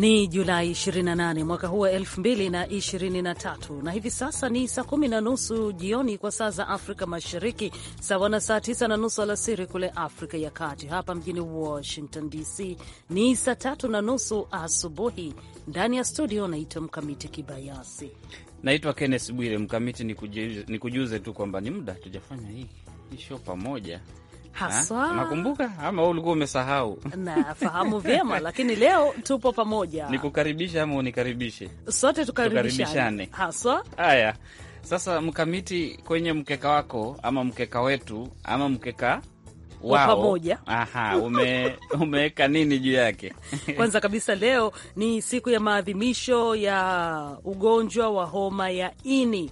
Ni Julai 28 mwaka huu wa 2023 na hivi sasa ni saa kumi na nusu jioni kwa saa za Afrika Mashariki, sawa na saa tisa na nusu alasiri kule Afrika ya Kati. Hapa mjini Washington DC ni saa tatu na nusu asubuhi. Ndani ya studio naitwa Mkamiti Kibayasi. Naitwa Kenneth Bwire. Mkamiti, nikujuze tu kwamba ni muda tujafanya hii isho pamoja haswa. Ah, ama ulikuwa umesahau? Nafahamu vyema lakini leo tupo pamoja, nikukaribisha ama unikaribishe, sote tukaribishane haswa. Haya sasa, mkamiti kwenye mkeka wako ama mkeka wetu ama mkeka wao pamoja. Aha, ume, umeweka nini juu yake? Kwanza kabisa leo ni siku ya maadhimisho ya ugonjwa wa homa ya ini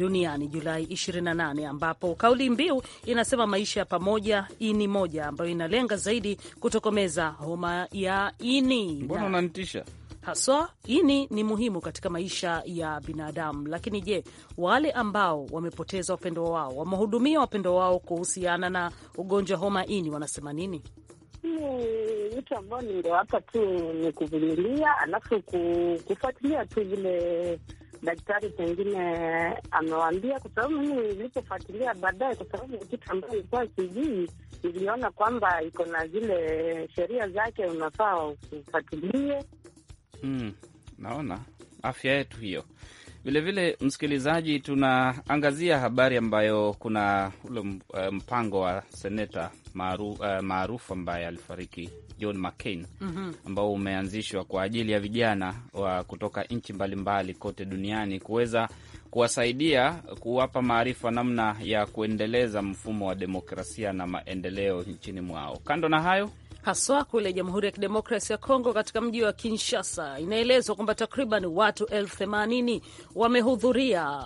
duniani Julai 28, ambapo kauli mbiu inasema maisha ya pamoja ini moja, ambayo inalenga zaidi kutokomeza homa ya ini. Mbona unanitisha? Haswa ini ni muhimu katika maisha ya binadamu, lakini je, wale ambao wamepoteza wapendo wao, wamehudumia wapendo wao kuhusiana na ugonjwa homa ini, wanasema nini? mtu ambao ningewapa tu ni kuvumilia, alafu kufuatilia tu vile daktari pengine amewambia kwa sababu mimi nilipofuatilia baadaye, kwa sababu kitu ambayo ilikuwa sijui, niliona kwamba iko na zile sheria zake, unafaa ufuatilie. Mm, naona afya yetu hiyo Vilevile msikilizaji, tunaangazia habari ambayo kuna ule eh, mpango wa seneta eh, maarufu ambaye alifariki John McCain mm -hmm. ambao umeanzishwa kwa ajili ya vijana wa kutoka nchi mbalimbali kote duniani kuweza kuwasaidia kuwapa maarifa namna ya kuendeleza mfumo wa demokrasia na maendeleo nchini mwao. Kando na hayo haswa kule Jamhuri ya Kidemokrasi ya Kongo, katika mji wa Kinshasa. Inaelezwa kwamba takriban watu elfu themanini wamehudhuria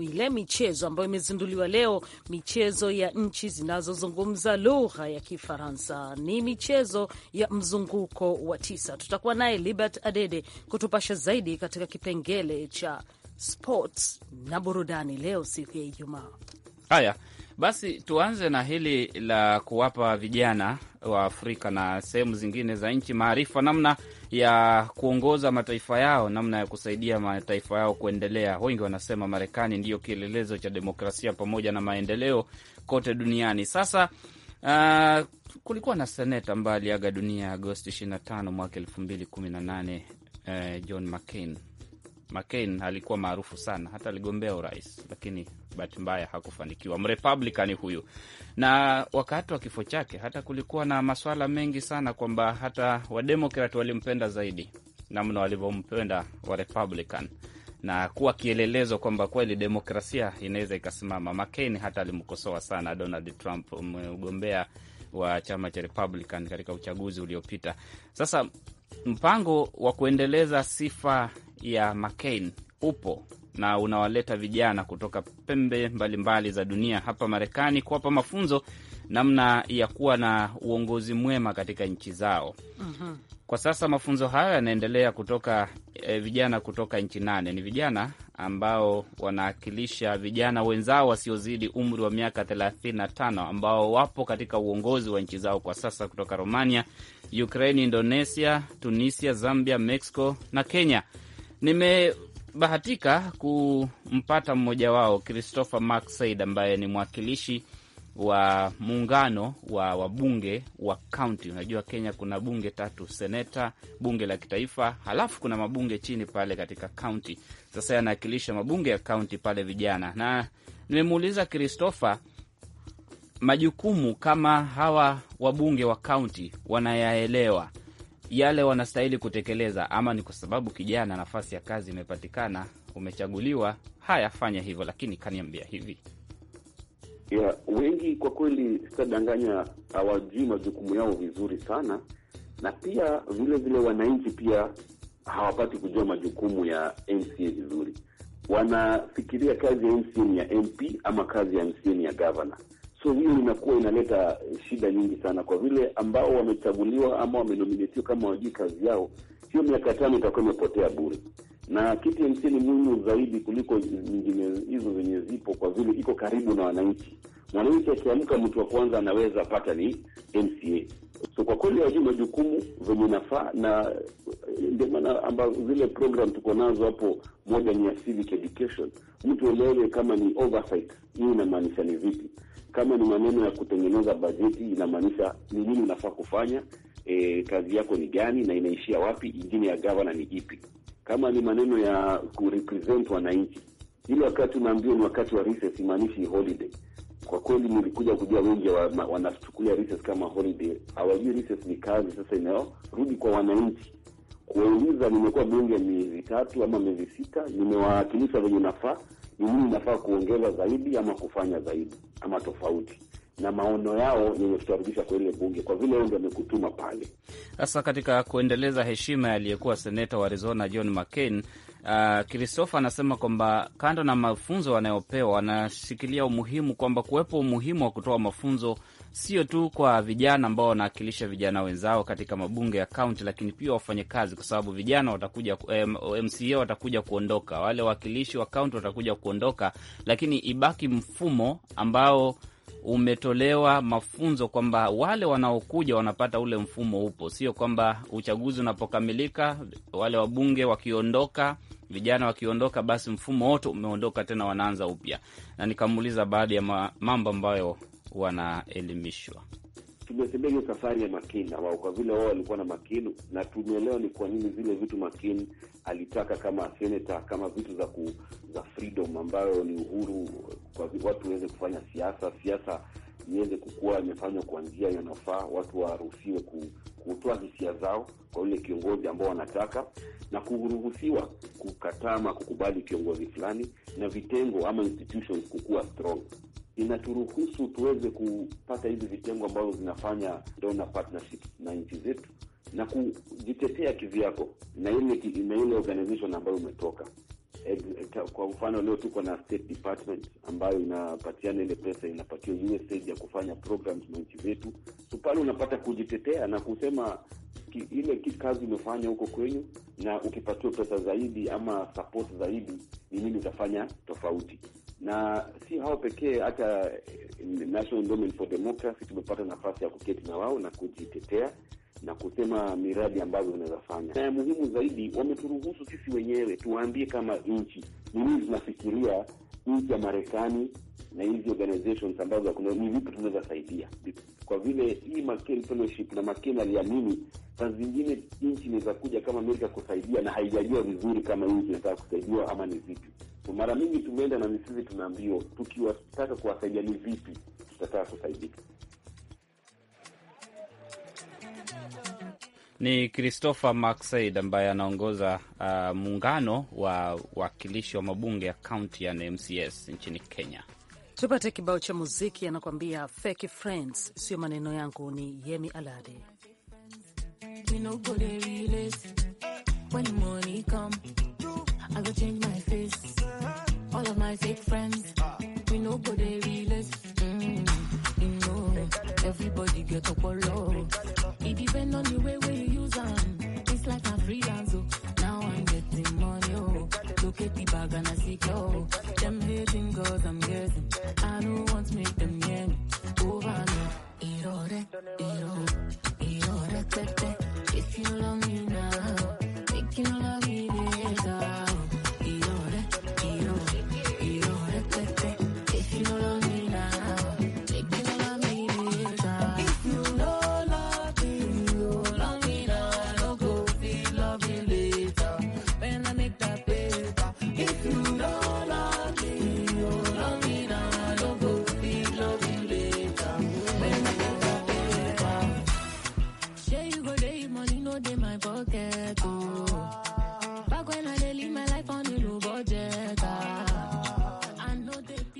ile michezo ambayo imezinduliwa leo, michezo ya nchi zinazozungumza lugha ya Kifaransa. Ni michezo ya mzunguko wa tisa. Tutakuwa naye Libert Adede kutupasha zaidi katika kipengele cha sports na burudani leo siku ya Ijumaa. Haya, basi tuanze na hili la kuwapa vijana wa Afrika na sehemu zingine za nchi maarifa namna ya kuongoza mataifa yao, namna ya kusaidia mataifa yao kuendelea. Wengi wanasema Marekani ndiyo kielelezo cha demokrasia pamoja na maendeleo kote duniani. Sasa uh, kulikuwa na seneta ambaye aliaga dunia Agosti 25 mwaka 2018, uh, eh, John McCain McCain alikuwa maarufu sana, hata aligombea urais, lakini bahati mbaya hakufanikiwa. Mrepublican huyu. Na wakati wa kifo chake, hata kulikuwa na maswala mengi sana kwamba hata wademokrat walimpenda zaidi namna walivyompenda warepublican na kuwa kielelezo kwamba kweli demokrasia inaweza ikasimama. McCain hata alimkosoa sana Donald Trump, mgombea wa chama cha Republican katika uchaguzi uliopita. Sasa mpango wa kuendeleza sifa ya McCain upo na unawaleta vijana kutoka pembe mbalimbali mbali za dunia hapa Marekani kuwapa mafunzo namna ya kuwa na uongozi mwema katika nchi zao. Uh-huh. Kwa sasa mafunzo hayo yanaendelea kutoka e, vijana kutoka nchi nane. Ni vijana ambao wanaakilisha vijana wenzao wasiozidi umri wa miaka 35 ambao wapo katika uongozi wa nchi zao kwa sasa kutoka Romania, Ukraine, Indonesia, Tunisia, Zambia, Mexico na Kenya nimebahatika kumpata mmoja wao Christopher Mark Said ambaye ni mwakilishi wa muungano wa wabunge wa kaunti. Unajua Kenya kuna bunge tatu, seneta, bunge la kitaifa, halafu kuna mabunge chini pale katika kaunti. Sasa yanawakilisha mabunge ya kaunti pale vijana, na nimemuuliza Christopher majukumu kama hawa wabunge wa kaunti wanayaelewa yale wanastahili kutekeleza, ama ni kwa sababu kijana, nafasi ya kazi imepatikana, umechaguliwa, haya fanya hivyo, lakini kaniambia hivi ya, wengi kwa kweli sitadanganya, hawajui majukumu yao vizuri sana, na pia vile vile wananchi pia hawapati kujua majukumu ya MCA vizuri. Wanafikiria kazi ya MCA ni ya MP ama kazi ya MCA ni ya gavana. So hiyo inakuwa inaleta shida nyingi sana kwa vile ambao wamechaguliwa ama wamenominatiwa kama wajui kazi yao, hiyo miaka tano itakuwa imepotea bure, na KTMC ni muhimu zaidi kuliko nyingine hizo zenye zipo, kwa vile iko karibu na wananchi. Mwananchi akiamka, mtu wa kwanza anaweza pata ni MCA. So kwa kweli hawajui majukumu venye nafaa, na eh, ndio maana amba zile program tuko nazo hapo, moja ni ya civic education, mtu elewe kama ni oversight hii inamaanisha ni vipi, kama ni maneno ya kutengeneza bajeti inamaanisha ni nini unafaa kufanya, e, kazi yako ni gani na inaishia wapi, ingine ya gavana ni ipi, kama ni maneno ya kurepresent wananchi ile wakati unaambiwa ni wakati wa recess, imaanishi holiday. Kwa kweli nilikuja kujua wengi wanachukulia recess kama holiday, hawajui recess ni kazi sasa inayorudi kwa wananchi kuwauliza, nimekuwa bunge miezi tatu ama miezi sita, nimewawakilisha venye nafaa, ni nini nafaa kuongeza zaidi ama kufanya zaidi ama tofauti na maono yao yenye kwa ile bunge, kwa vile ndio amekutuma pale. Sasa katika kuendeleza heshima ya aliyekuwa seneta wa Arizona John McCain, uh, anasema kwamba kando na mafunzo wanayopewa, wanashikilia umuhimu kwamba kuwepo umuhimu wa kutoa mafunzo sio tu kwa vijana ambao wanawakilisha vijana wenzao katika mabunge ya kaunti, lakini pia wafanyakazi, kwa sababu vijana watakuja, MCA watakuja kuondoka, wale wawakilishi wa kaunti watakuja kuondoka, lakini ibaki mfumo ambao umetolewa mafunzo kwamba wale wanaokuja wanapata ule mfumo upo, sio kwamba uchaguzi unapokamilika wale wabunge wakiondoka vijana wakiondoka, basi mfumo wote umeondoka, tena wanaanza upya. Na nikamuuliza baadhi ya mambo ambayo wanaelimishwa tumesemea hiyo safari ya makini wao, kwa vile wao walikuwa na makini na tumeelewa ni kwa nini zile vitu makini alitaka kama senator, kama vitu za ku, za freedom ambayo ni uhuru kwa watu waweze kufanya siasa, siasa iweze kukuwa imefanywa kwa njia inayofaa, watu waruhusiwe ku, kutoa hisia zao kwa yule kiongozi ambao wanataka, na kuruhusiwa kukataa ama kukubali kiongozi fulani, na vitengo ama institutions kukuwa strong inaturuhusu tuweze kupata hizi vitengo ambazo zinafanya donor partnership na nchi zetu na kujitetea kivyako na ile na ile organization ambayo umetoka. Kwa mfano leo tuko na State Department ambayo inapatiana ile pesa, inapatia USAID ya kufanya programs na nchi zetu, so pale unapata kujitetea na kusema ki, ile ki kazi umefanya huko kwenyu, na ukipatiwa pesa zaidi ama support zaidi, ni nini utafanya tofauti na si hao pekee, hata eh, National Endowment for Democracy tumepata nafasi ya kuketi na wao na kujitetea na kusema miradi ambazo zinaweza fanya, na muhimu zaidi, wameturuhusu sisi wenyewe tuwaambie kama nchi ni nini tunafikiria nchi ya Marekani na hizi organizations ambazo ni vipi tunaweza saidia, kwa vile hii McCain Fellowship na McCain aliamini saa zingine nchi inaweza kuja kama Amerika kusaidia, na haijajua vizuri kama hii inataka kusaidiwa ama ni vipi. Mara mingi tumeenda na misizi, tunaambiwa tukiwataka kuwasaidia ni vipi tutataka kusaidika. Ni Christopher Maxaid ambaye anaongoza uh, muungano wa wakilishi wa mabunge ya kaunti ya MCS nchini Kenya. Tupate kibao cha muziki, anakuambia fake friends, sio maneno yangu, ni Yemi Alade. my fake friends. We nobody go realest. Mm, you know, everybody get up or low. It depends on the way where you use them. It's like a freelance, oh. Now I'm getting money, oh. Look at the bag and I see, oh. Them hating girls, I'm guessing. I don't want to make them all, me. Over and over. If you love me,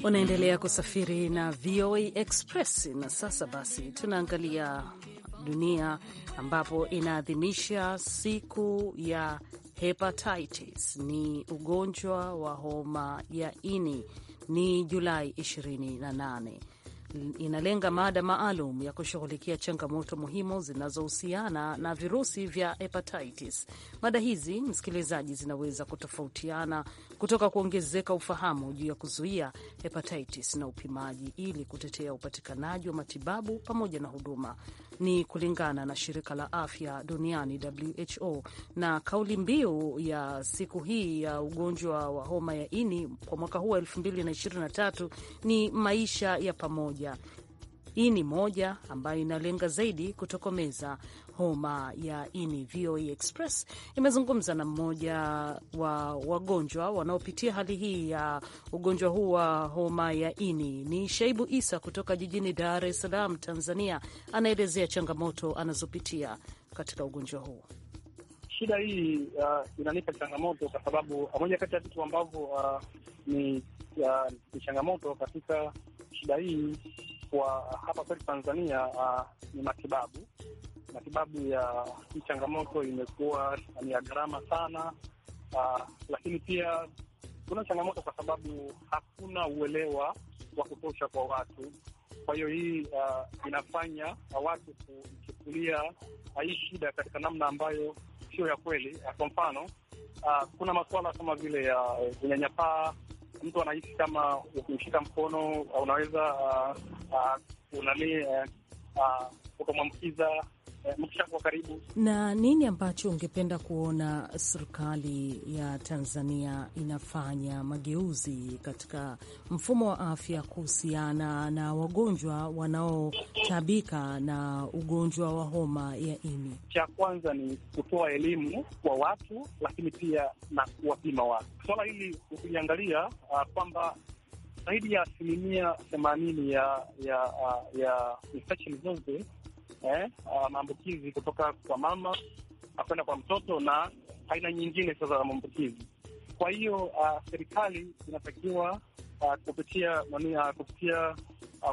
Unaendelea kusafiri na VOA Express na sasa basi tunaangalia dunia ambapo inaadhimisha siku ya hepatitis. Ni ugonjwa wa homa ya ini, ni Julai 28 inalenga mada maalum ya kushughulikia changamoto muhimu zinazohusiana na virusi vya hepatitis. Mada hizi, msikilizaji, zinaweza kutofautiana kutoka kuongezeka ufahamu juu ya kuzuia hepatitis na upimaji ili kutetea upatikanaji wa matibabu pamoja na huduma. Ni kulingana na shirika la afya duniani WHO, na kauli mbiu ya siku hii ya ugonjwa wa homa ya ini kwa mwaka huu wa 2023 ni maisha ya pamoja. Hii ni moja ambayo inalenga zaidi kutokomeza homa ya ini. VOA e Express imezungumza na mmoja wa wagonjwa wanaopitia hali hii ya ugonjwa huu wa homa ya ini, ni Shaibu Isa kutoka jijini Dar es Salaam, Tanzania. Anaelezea changamoto anazopitia katika ugonjwa huu. Shida hii uh, inanipa changamoto kwa sababu uh, moja kati ya vitu ambavyo uh, ni, uh, ni changamoto katika shida hii kwa hapa kwetu Tanzania uh, ni matibabu matibabu ya hii changamoto imekuwa ni ya gharama sana. Uh, lakini pia kuna changamoto kwa sababu hakuna uelewa wa kutosha kwa watu. Kwa hiyo hii uh, inafanya watu kuchukulia ah, hii shida katika namna ambayo sio ya kweli. Kwa mfano uh, kuna masuala kama vile ya uh, unyanyapaa. Mtu anahisi kama ukimshika mkono unaweza uh, uh, unani uh, eh, uh, ukamwambukiza Eh, mchango karibu. Na nini ambacho ungependa kuona serikali ya Tanzania inafanya mageuzi katika mfumo wa afya kuhusiana na wagonjwa wanaotabika na ugonjwa wa homa ya ini? Cha kwanza ni kutoa elimu kwa watu, lakini pia na kuwapima watu. Swala hili ukiliangalia ah, kwamba zaidi ya asilimia themanini ya ya ah, ya infection zote eh, maambukizi kutoka kwa mama kwenda kwa mtoto na aina nyingine sasa za maambukizi. Kwa hiyo uh, serikali inatakiwa uh, kupitia uh, kupitia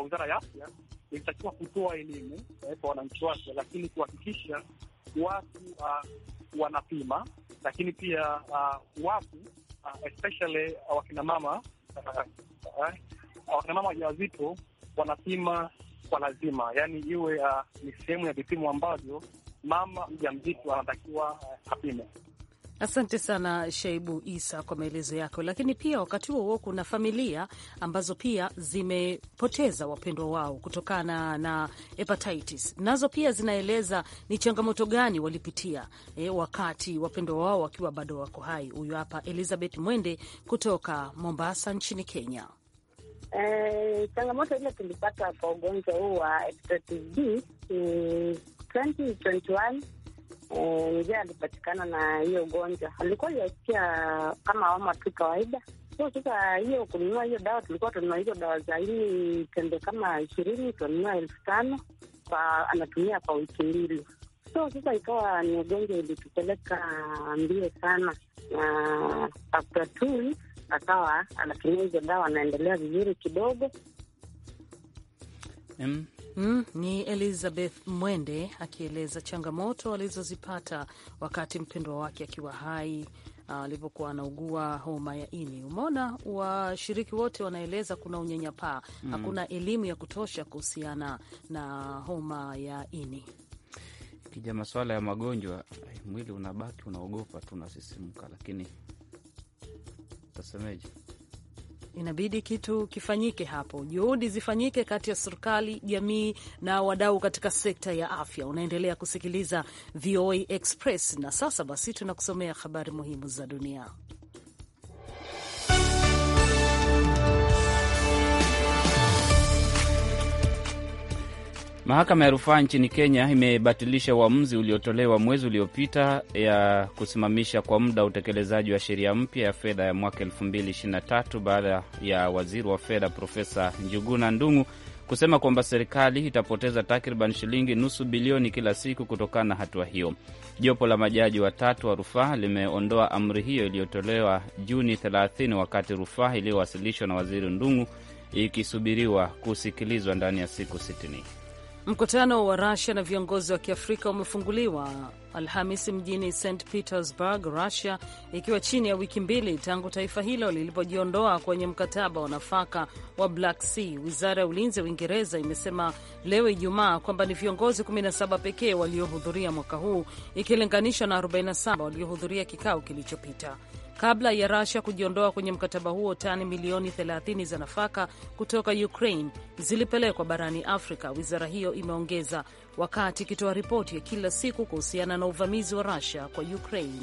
wizara ya afya ilitakiwa kutoa elimu eh, kwa wananchi wake, lakini kuhakikisha watu uh, wanapima, lakini pia uh, watu uh, especially uh, wakinamama uh, uh, eh, wakinamama wajawazito wanapima kwa lazima, yaani iwe uh, ni sehemu ya vipimo ambavyo mama mja mzitu anatakiwa uh, apime. Asante sana Shaibu Isa kwa maelezo yako. Lakini pia wakati huo huo, kuna familia ambazo pia zimepoteza wapendwa wao kutokana na hepatitis, nazo pia zinaeleza ni changamoto gani walipitia e, wakati wapendwa wao wakiwa bado wako hai. Huyu hapa Elizabeth Mwende kutoka Mombasa nchini Kenya. Eh, changamoto ile tulipata kwa ugonjwa huu wa hepatitis B ni 2021 eh, mzee alipatikana na hiyo ugonjwa, alikuwa yasikia kama homa tu kawaida. So sasa hiyo kununua hiyo dawa, tulikuwa tununua hizo dawa za hili tembe kama ishirini, tunanunua elfu tano kwa anatumia kwa wiki mbili. So sasa ikawa ni ugonjwa ilitupeleka mbio sana na after two weeks akawa anatumia hizo dawa, anaendelea vizuri kidogo. Mm. Mm, ni Elizabeth Mwende akieleza changamoto alizozipata wakati mpendwa wake akiwa hai ah, alivyokuwa anaugua homa ya ini. Umeona, washiriki wote wanaeleza kuna unyanyapaa mm. Hakuna elimu ya kutosha kuhusiana na homa ya ini. Kija masuala ya magonjwa, mwili unabaki unaogopa, tunasisimka lakini utasemeje? Inabidi kitu kifanyike hapo, juhudi zifanyike kati ya serikali, jamii na wadau katika sekta ya afya. Unaendelea kusikiliza VOA Express, na sasa basi tunakusomea habari muhimu za dunia. Mahakama ya rufaa nchini Kenya imebatilisha uamuzi uliotolewa mwezi uliopita ya kusimamisha kwa muda utekelezaji wa sheria mpya ya fedha ya mwaka 2023 baada ya waziri wa fedha Profesa Njuguna Ndung'u kusema kwamba serikali itapoteza takriban shilingi nusu bilioni kila siku kutokana na hatua hiyo. Jopo la majaji watatu wa rufaa limeondoa amri hiyo iliyotolewa Juni 30 wakati rufaa iliyowasilishwa na waziri Ndung'u ikisubiriwa kusikilizwa ndani ya siku 60. Mkutano wa Rusia na viongozi wa Kiafrika umefunguliwa Alhamisi mjini St Petersburg, Russia, ikiwa chini ya wiki mbili tangu taifa hilo lilipojiondoa kwenye mkataba wa nafaka wa Black Sea. Wizara ya ulinzi ya Uingereza imesema leo Ijumaa kwamba ni viongozi 17 pekee waliohudhuria mwaka huu ikilinganishwa na 47 waliohudhuria kikao kilichopita kabla ya Rasia kujiondoa kwenye mkataba huo, tani milioni 30 za nafaka kutoka Ukraine zilipelekwa barani Afrika, wizara hiyo imeongeza, wakati ikitoa ripoti ya kila siku kuhusiana na uvamizi wa Rasia kwa Ukraine.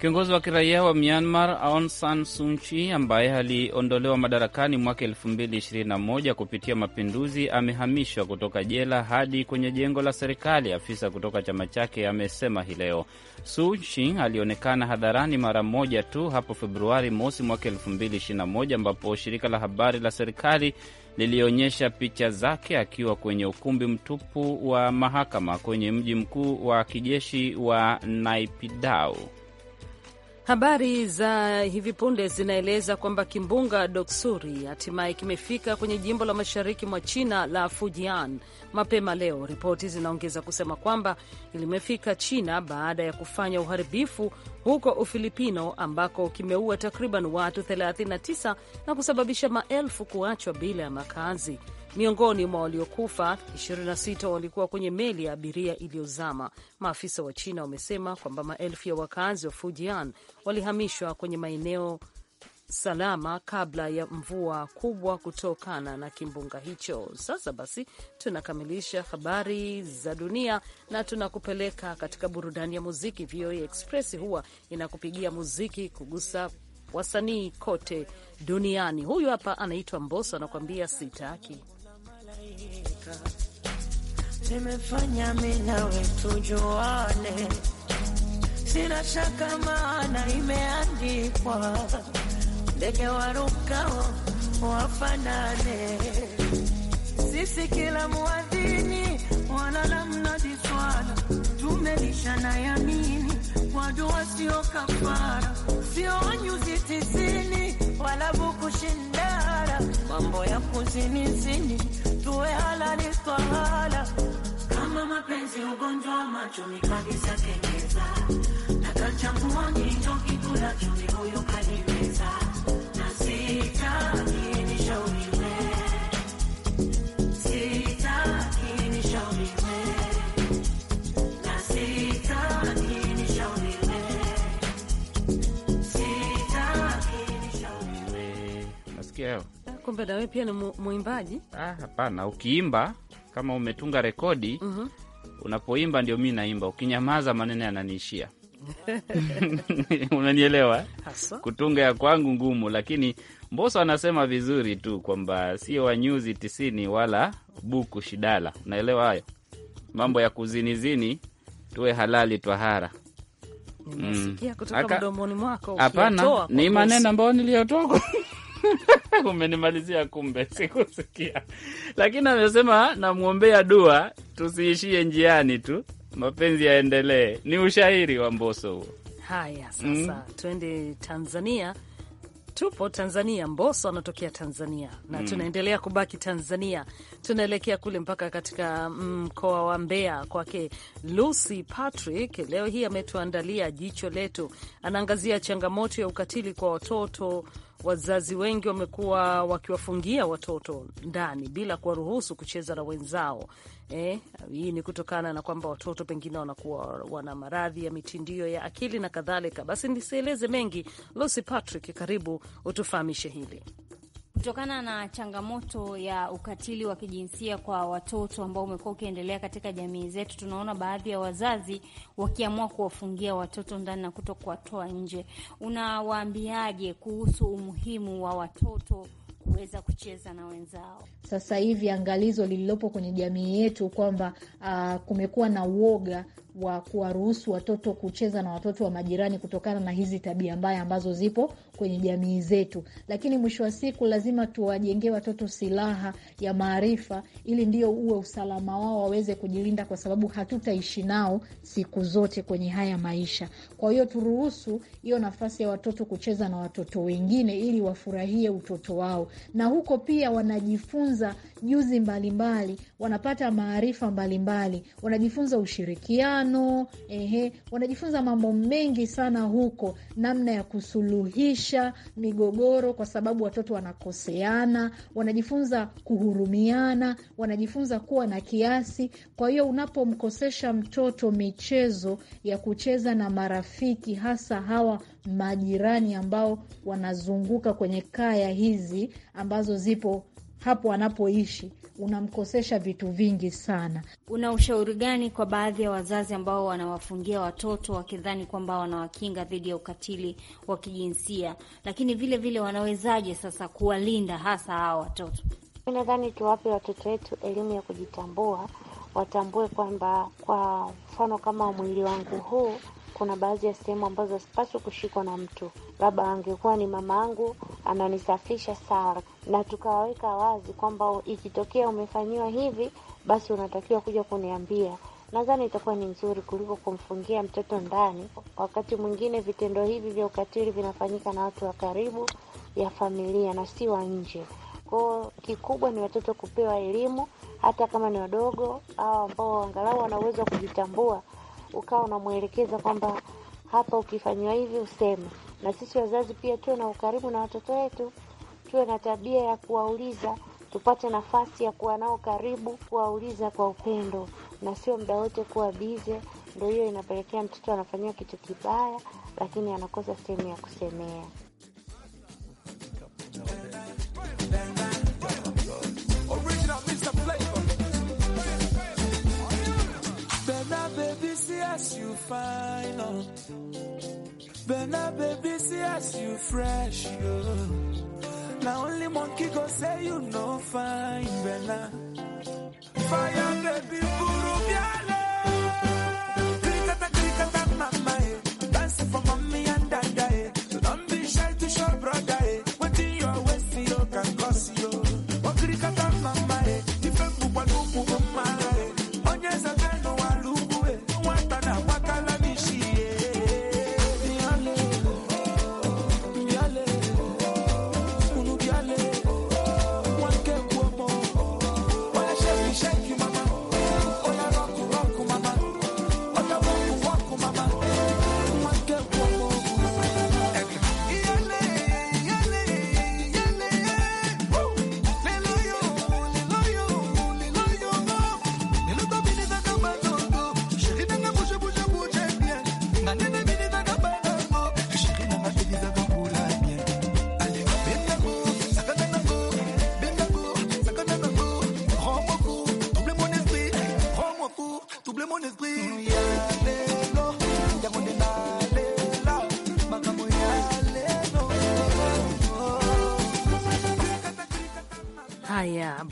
Kiongozi wa kiraia wa Myanmar Aung San Suu Kyi ambaye aliondolewa madarakani mwaka 2021 kupitia mapinduzi amehamishwa kutoka jela hadi kwenye jengo la serikali, afisa kutoka chama chake amesema hii leo. Suu Kyi alionekana hadharani mara moja tu hapo Februari mosi mwaka 2021 ambapo shirika la habari la serikali lilionyesha picha zake akiwa kwenye ukumbi mtupu wa mahakama kwenye mji mkuu wa kijeshi wa naipidau Habari za hivi punde zinaeleza kwamba kimbunga Doksuri hatimaye kimefika kwenye jimbo la mashariki mwa China la Fujian mapema leo. Ripoti zinaongeza kusema kwamba limefika China baada ya kufanya uharibifu huko Ufilipino, ambako kimeua takriban watu 39 na kusababisha maelfu kuachwa bila ya makazi. Miongoni mwa waliokufa 26 walikuwa kwenye meli ya abiria iliyozama. Maafisa wa China wamesema kwamba maelfu ya wakazi wa Fujian walihamishwa kwenye maeneo salama kabla ya mvua kubwa kutokana na kimbunga hicho. Sasa basi, tunakamilisha habari za dunia na tunakupeleka katika burudani ya muziki. VOA Express huwa inakupigia muziki kugusa wasanii kote duniani. Huyu hapa anaitwa mboso anakuambia sitaki nimefanya mimi nawe tujuane, sina shaka, maana imeandikwa ndege warukao wafanane. Sisi kila muadhini walala mnadi swala, na yamini, wadua sio kafara, sio nyuzi tisini wala bukushindara, mambo ya kuzinizini tuwe halali swala kama mapenzi ugonjwa macho mikagisa kengeza nakachambua njicho kikula chumi huyu kalimeza na sitaki nishauriwe Kumbe wewe pia ni mwimbaji? Ah, hapana. Ukiimba kama umetunga rekodi mm -hmm. Unapoimba ndio mi naimba, ukinyamaza maneno yananiishia. Unanielewa? Kutunga ya kwangu ngumu, lakini Mboso anasema vizuri tu kwamba sio wanyuzi tisini wala buku shidala. Unaelewa hayo mambo ya kuzinizini, tuwe halali twahara. Nimesikia mm. kutoka mdomoni mwako. Hapana, ni maneno ambayo niliyotoka umenimalizia kumbe, sikusikia. Lakini amesema namwombea dua, tusiishie njiani tu, mapenzi yaendelee. Ni ushairi wa Mboso huo. Haya, sasa mm, twende Tanzania. Tupo Tanzania, Mboso anatokea Tanzania na mm, tunaendelea kubaki Tanzania, tunaelekea kule mpaka katika mm, mkoa mm, wa Mbeya kwake Lucy Patrick. Leo hii ametuandalia jicho letu, anaangazia changamoto ya ukatili kwa watoto wazazi wengi wamekuwa wakiwafungia watoto ndani bila kuwaruhusu kucheza na wenzao. Eh, hii ni kutokana na kwamba watoto pengine wanakuwa wana maradhi ya mitindio ya akili na kadhalika. Basi nisieleze mengi. Lucy Patrick, karibu utufahamishe hili kutokana na changamoto ya ukatili wa kijinsia kwa watoto ambao umekuwa ukiendelea katika jamii zetu, tunaona baadhi ya wazazi wakiamua kuwafungia watoto ndani na kuto kuwatoa nje. Unawaambiaje kuhusu umuhimu wa watoto kuweza kucheza na wenzao. Sasa hivi angalizo lililopo kwenye jamii yetu kwamba uh, kumekuwa na uoga wa kuwaruhusu watoto kucheza na watoto wa majirani kutokana na hizi tabia mbaya ambazo zipo kwenye jamii zetu. Lakini mwisho wa siku lazima tuwajengee watoto silaha ya maarifa, ili ndio uwe usalama wao, waweze kujilinda, kwa sababu hatutaishi nao siku zote kwenye haya maisha. Kwa hiyo turuhusu hiyo nafasi ya watoto kucheza na watoto wengine, ili wafurahie utoto wao, na huko pia wanajifunza juzi mbalimbali, wanapata maarifa mbalimbali, wanajifunza ushirikiano, ehe, wanajifunza mambo mengi sana huko, namna ya kusuluhisha migogoro, kwa sababu watoto wanakoseana, wanajifunza kuhurumiana, wanajifunza kuwa na kiasi. Kwa hiyo unapomkosesha mtoto michezo ya kucheza na marafiki, hasa hawa majirani ambao wanazunguka kwenye kaya hizi ambazo zipo hapo wanapoishi, unamkosesha vitu vingi sana. Una ushauri gani kwa baadhi ya wazazi ambao wanawafungia watoto wakidhani kwamba wanawakinga dhidi ya ukatili wa kijinsia, lakini vile vile wanawezaje sasa kuwalinda hasa hawa watoto? Nadhani tuwape watoto wetu elimu ya kujitambua, watambue kwamba, kwa mfano, kama mwili wangu huu kuna baadhi ya sehemu ambazo hazipaswi kushikwa na mtu. Labda angekuwa ni mama yangu ananisafisha sala, na tukawaweka wazi kwamba ikitokea umefanyiwa hivi, basi unatakiwa kuja kuniambia. Nadhani itakuwa ni nzuri kuliko kumfungia mtoto ndani. Wakati mwingine vitendo hivi vya ukatili vinafanyika na watu wa karibu ya familia na si wa nje. Kwao kikubwa ni watoto kupewa elimu, hata kama ni wadogo au ambao angalau wana uwezo wa kujitambua ukawa unamwelekeza kwamba hapa ukifanyiwa hivi useme. Na sisi wazazi pia tuwe na ukaribu na watoto wetu, tuwe na tabia ya kuwauliza, tupate nafasi ya kuwa nao karibu, kuwauliza kwa upendo na sio muda wote kuwa bize. Ndo hiyo inapelekea mtoto anafanyiwa kitu kibaya, lakini anakosa sehemu ya kusemea. baby, see as you fine, oh. Bena, baby, see as you fresh, yo. Oh. Now only monkey go say you no fine, Bena. Fire, baby, put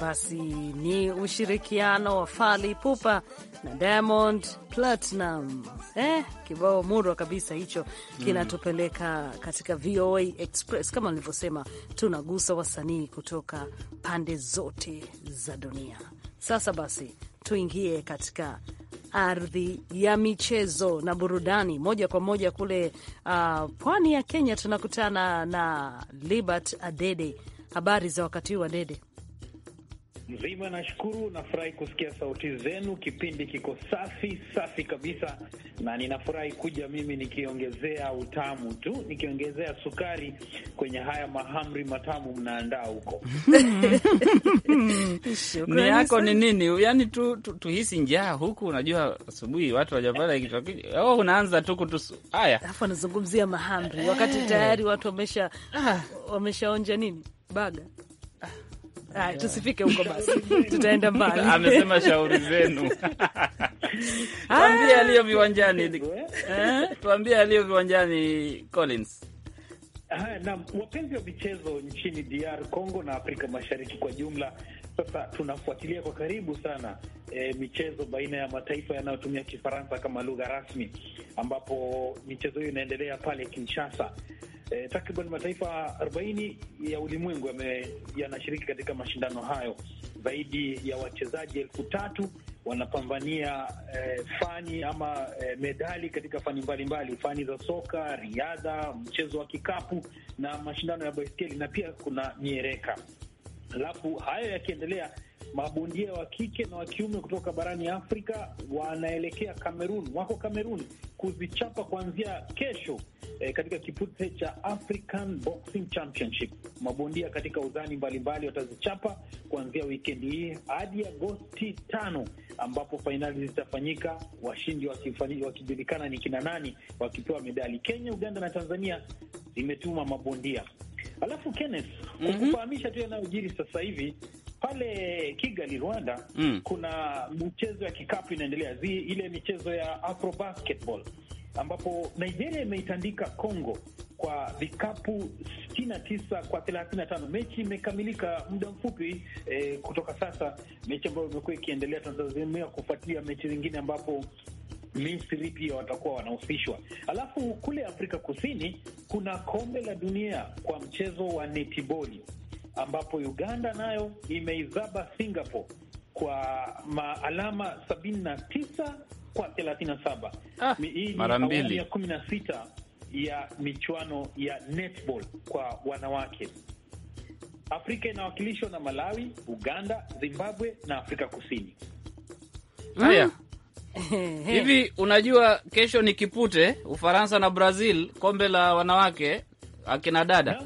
basi ni ushirikiano wa fali pupa na Diamond Platinum. Eh, kibao murwa kabisa hicho kinatupeleka katika VOA Express. Kama nilivyosema, tunagusa wasanii kutoka pande zote za dunia. Sasa basi tuingie katika ardhi ya michezo na burudani moja kwa moja kule uh, pwani ya Kenya. Tunakutana na Libert Adede. Habari za wakati huu Adede? mzima. Nashukuru, nafurahi kusikia sauti zenu. Kipindi kiko safi safi kabisa, na ninafurahi kuja mimi nikiongezea utamu tu, nikiongezea sukari kwenye haya mahamri matamu mnaandaa huko. ni yako ni nini? Yani tu, tu, tuhisi njaa huku, unajua asubuhi watu wajapata kitokio oh, unaanza tu kutusu haya, alafu anazungumzia mahamri wakati tayari watu wamesha ah. wameshaonja nini baga Haya, ah, tusifike huko basi, tutaenda mbali. Amesema shauri zenu. Ah. Tuambie aliyo viwanjani, eh? Eh? tuambie aliyo viwanjani Collins. Ah, naam, wapenzi wa michezo nchini DR Congo na Afrika Mashariki kwa jumla sasa tunafuatilia kwa karibu sana e, michezo baina ya mataifa yanayotumia Kifaransa kama lugha rasmi, ambapo michezo hiyo inaendelea pale Kinshasa. E, takriban mataifa 40 ya ulimwengu yanashiriki katika mashindano hayo. Zaidi ya wachezaji elfu tatu wanapambania e, fani ama e, medali katika fani mbalimbali mbali, fani za soka, riadha, mchezo wa kikapu na mashindano ya baiskeli na pia kuna miereka. Alafu hayo yakiendelea, mabondia wa kike na wa kiume kutoka barani Afrika wanaelekea Kamerun, wako Kamerun kuzichapa kuanzia kesho eh, katika kipute cha African Boxing Championship. Mabondia katika uzani mbalimbali watazichapa kuanzia wikendi hii hadi Agosti tano, ambapo fainali zitafanyika, washindi wakijulikana ni kina nani, wakipewa medali. Kenya, Uganda na Tanzania zimetuma mabondia Alafu Kenneth, mm -hmm. tu yanayojiri sasa hivi pale Kigali, Rwanda, mm. kuna michezo ya kikapu inaendelea, ile michezo ya Afro basketball ambapo Nigeria imeitandika Congo kwa vikapu 69 kwa 35. Mechi imekamilika muda mfupi eh, kutoka sasa, mechi ambayo imekuwa ikiendelea. Tunatazamia kufuatilia mechi zingine ambapo Misri pia watakuwa wanahusishwa. Alafu kule Afrika Kusini kuna kombe la dunia kwa mchezo wa netiboli ambapo Uganda nayo imeizaba Singapore kwa maalama sabini na tisa kwa 37 na saba. Ah, hii ni ya kumi na sita ya michuano ya netball kwa wanawake. Afrika inawakilishwa na Malawi, Uganda, Zimbabwe na Afrika Kusini. Hmm. Haya, hivi unajua kesho ni kipute Ufaransa na Brazil, kombe la wanawake akina dada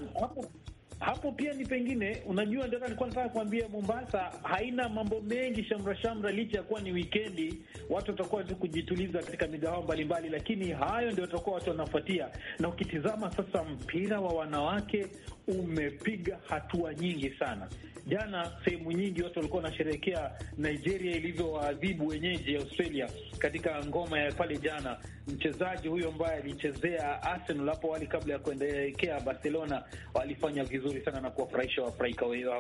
hapo pia ni pengine, unajua, ndio nilikuwa nataka kuambia, Mombasa haina mambo mengi shamra shamra, licha ya kuwa ni wikendi, watu watakuwa tu kujituliza katika migahawa mbalimbali, lakini hayo ndio watakuwa watu wanafuatia. Na ukitizama sasa, mpira wa wanawake umepiga hatua nyingi sana. Jana sehemu nyingi watu walikuwa wanasherehekea Nigeria ilivyowaadhibu wenyeji Australia katika ngoma ya pale jana. Mchezaji huyo ambaye alichezea Arsenal hapo awali kabla ya kuendelekea Barcelona walifanya vizuri vizuri sana na kuwafurahisha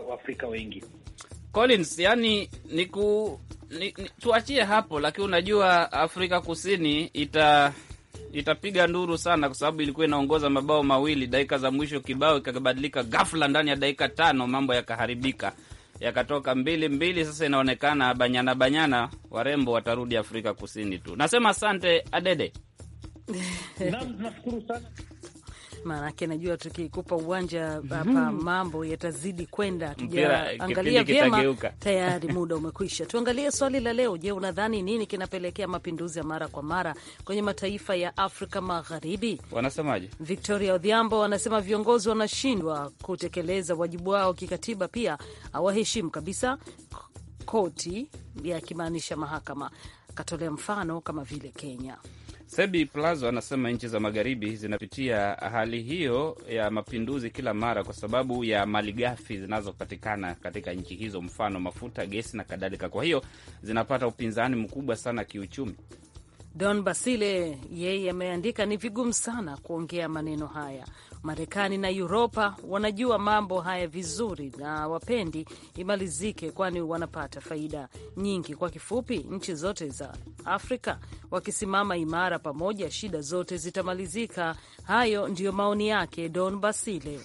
Waafrika wengi. Collins, yani ni ku ni, ni, tuachie hapo, lakini unajua Afrika Kusini ita itapiga nduru sana kwa sababu ilikuwa inaongoza mabao mawili dakika za mwisho, kibao ikabadilika ghafla ndani ya dakika tano, mambo yakaharibika, yakatoka mbili mbili. Sasa inaonekana banyana banyana warembo watarudi Afrika Kusini tu. Nasema asante Adede. Naam, sana maanake najua tukikupa uwanja hapa mm -hmm. mambo yatazidi kwenda, tujaangalia vyema, tayari muda umekwisha. Tuangalie swali la leo. Je, unadhani nini kinapelekea mapinduzi ya mara kwa mara kwenye mataifa ya Afrika Magharibi? Wanasemaje? Victoria Odhiambo anasema viongozi wanashindwa kutekeleza wajibu wao kikatiba, pia hawaheshimu kabisa koti, yakimaanisha mahakama. katolea mfano kama vile Kenya. Sebi Plazo anasema nchi za magharibi zinapitia hali hiyo ya mapinduzi kila mara kwa sababu ya malighafi zinazopatikana katika nchi hizo, mfano mafuta, gesi na kadhalika. Kwa hiyo zinapata upinzani mkubwa sana kiuchumi. Don Basile yeye ameandika, ni vigumu sana kuongea maneno haya Marekani na Uropa wanajua mambo haya vizuri na wapendi imalizike, kwani wanapata faida nyingi. Kwa kifupi, nchi zote za Afrika wakisimama imara pamoja, shida zote zitamalizika. Hayo ndiyo maoni yake Don Basile.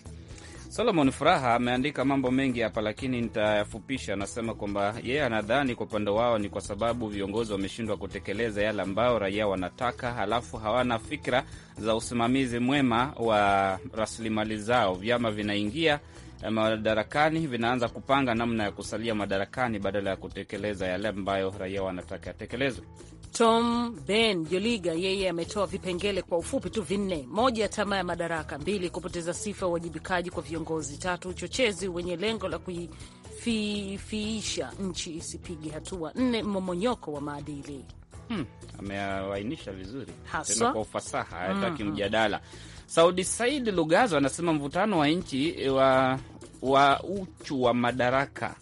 Solomon Furaha ameandika mambo mengi hapa, lakini nitayafupisha. Anasema kwamba yeye yeah, anadhani kwa upande wao ni kwa sababu viongozi wameshindwa kutekeleza yale ambayo raia wanataka, halafu hawana fikra za usimamizi mwema wa rasilimali zao. Vyama vinaingia Eh, madarakani vinaanza kupanga namna ya kusalia madarakani badala ya kutekeleza yale ambayo raia wanataka yatekelezwe. Tom Ben Joliga yeye ametoa vipengele kwa ufupi tu vinne: moja, tamaa ya madaraka; mbili, kupoteza sifa ya uwajibikaji kwa viongozi; tatu, uchochezi wenye lengo la kuifiisha nchi isipige hatua; nne, mmomonyoko wa maadili. Hmm, ameawainisha vizuri tena kwa ufasaha, hayataki mm -hmm. mjadala. Saudi Said Lugazo anasema mvutano wa nchi eh, wa wa uchu wa madaraka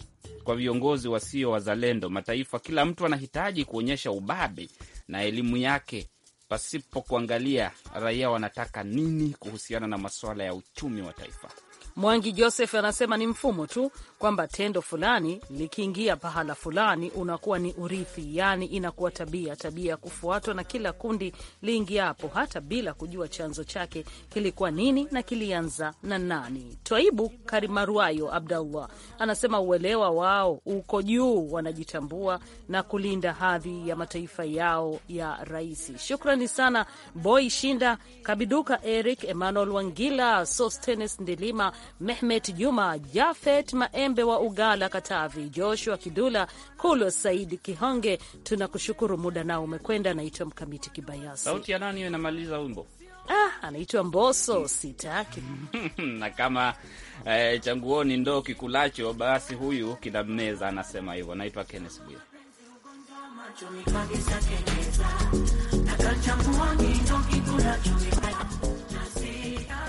kwa viongozi wasio wazalendo mataifa. Kila mtu anahitaji kuonyesha ubabe na elimu yake pasipo kuangalia raia wanataka nini kuhusiana na masuala ya uchumi wa taifa. Mwangi Joseph anasema ni mfumo tu kwamba tendo fulani likiingia pahala fulani unakuwa ni urithi, yaani inakuwa tabia, tabia ya kufuatwa na kila kundi liingiapo, hata bila kujua chanzo chake kilikuwa nini na kilianza na nani. Twaibu Karimaruayo Abdallah anasema uelewa wao uko juu, wanajitambua na kulinda hadhi ya mataifa yao ya raisi Shukrani sana Boy Shinda Kabiduka, Eric Emmanuel Wangila, Sostenes Ndilima, Mehmet Juma Jafet Maem Mazembe wa Ugala Katavi, Joshua Kidula Kulo, Saidi Kihonge, tunakushukuru. Muda nao umekwenda. Anaitwa Mkamiti Kibayasi. Sauti ya nani inamaliza wimbo? Ah, anaitwa Mboso sitaki na kama eh, changuoni ndo kikulacho basi, huyu kinameza anasema hivyo. Anaitwa Kenneth Bwire.